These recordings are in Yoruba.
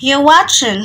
You're watching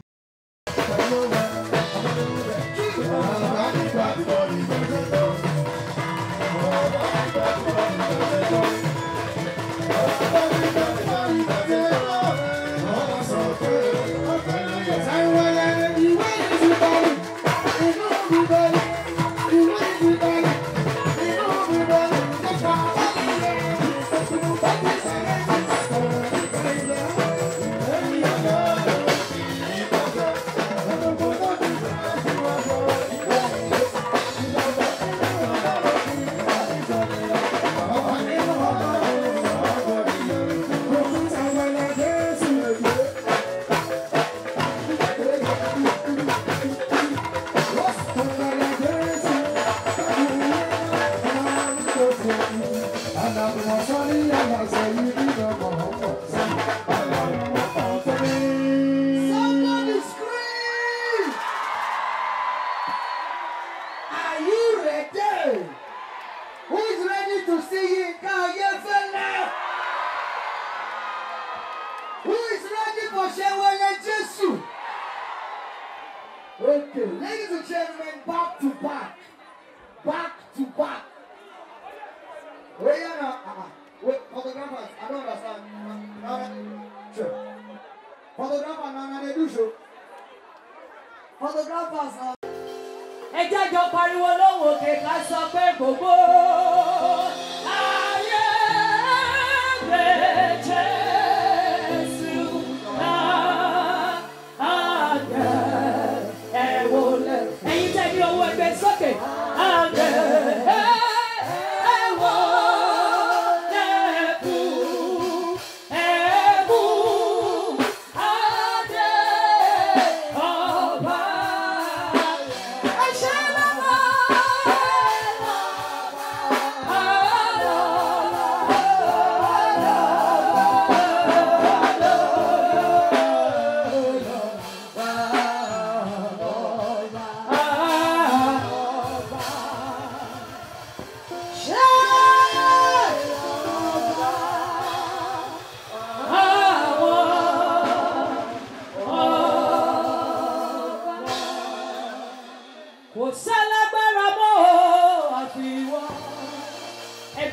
Photographer náà ń do show. Photographers náà. Ẹ jẹ́ jọ pariwo lóhùn òkè ká sọ pé gbogbo.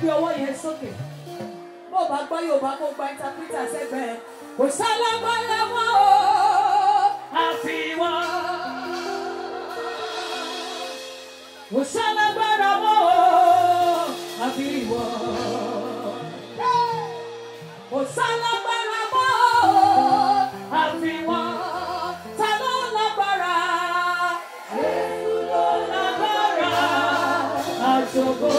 gbé ọwọ́ yẹn sókè bó bá gbọ́ Yorùbá kó gba interpreter sẹ́gbẹ̀ẹ́ kò sálábà lẹ́wọ́ o àfihàn kò kò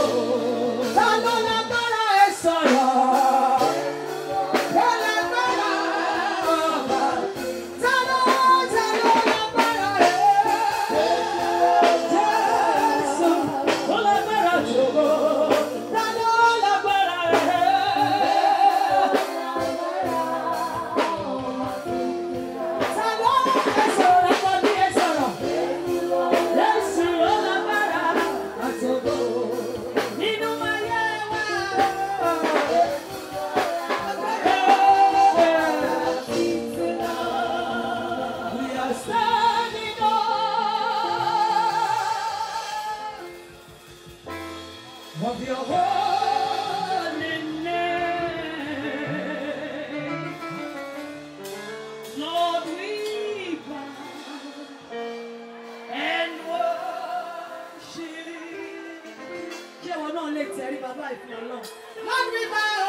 of your holy name. Lord, we bow and worship. Jẹ́wọ́ Lord, we bow.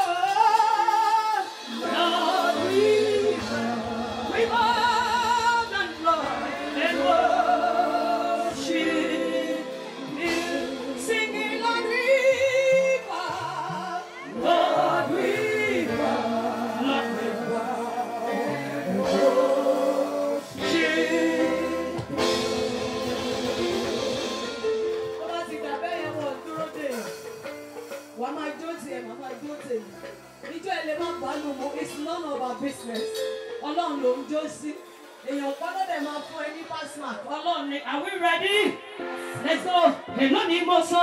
wà á máa jó tiẹ̀ màá máa jó tèmi ìjọ ẹ̀ lè má gbàánu it's none of our business ọlọ́run ló ń jó sí èèyàn gbọ́dọ̀ dẹ̀ máa fún ẹ ní pass ọlọ́run ni are we ready let's go èló ni mo sọ.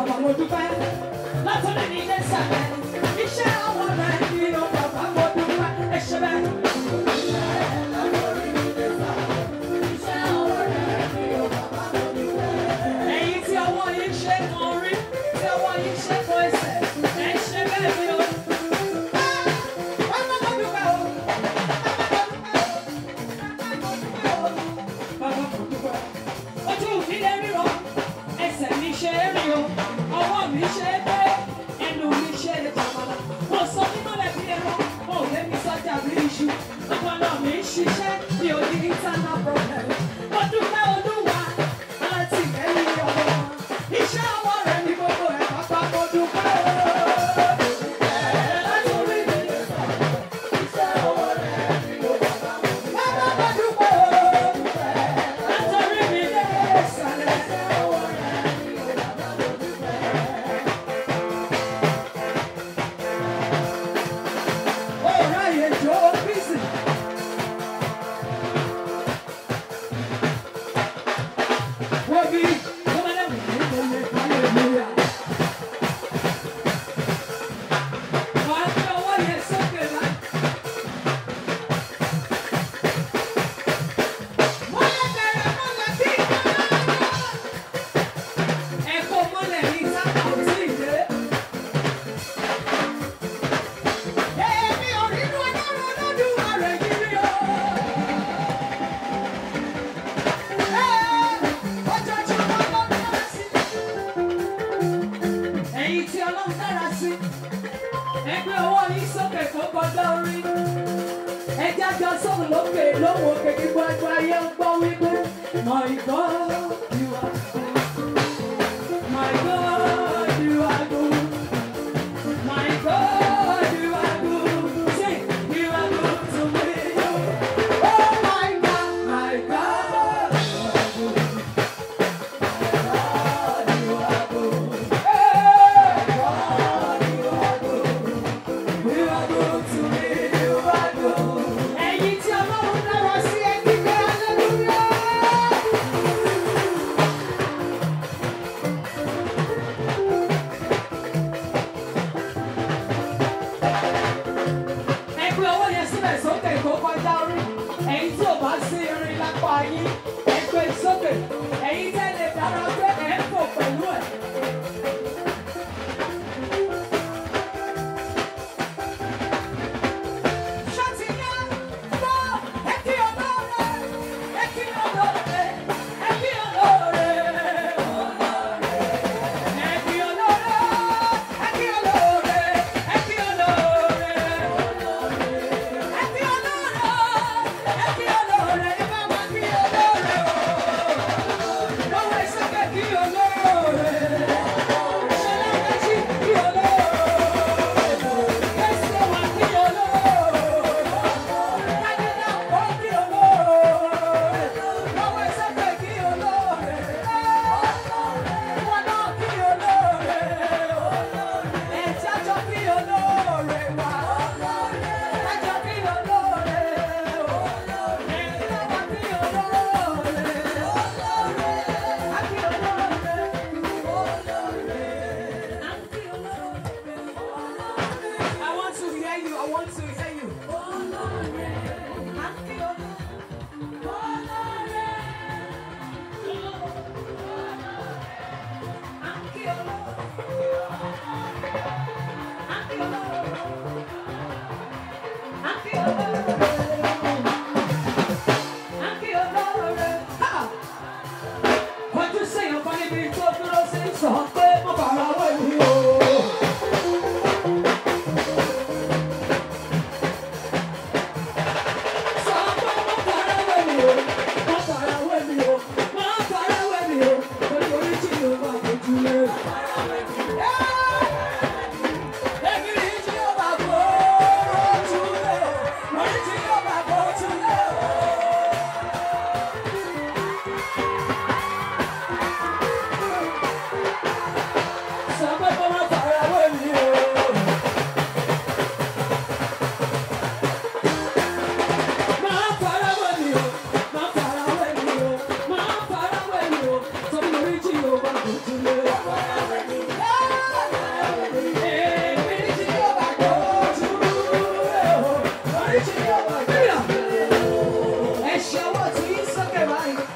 ọmọ mo dúpẹ́ látọ̀lẹ́ ní ilé sàlẹ̀ iṣẹ́ àwọn ọ̀rẹ́ mi ò bàbá mo dúpẹ́ ẹ̀ṣẹ̀ bẹ́ẹ̀. Que no que gbọ́dọ̀ ayé ń no your love.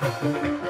thank you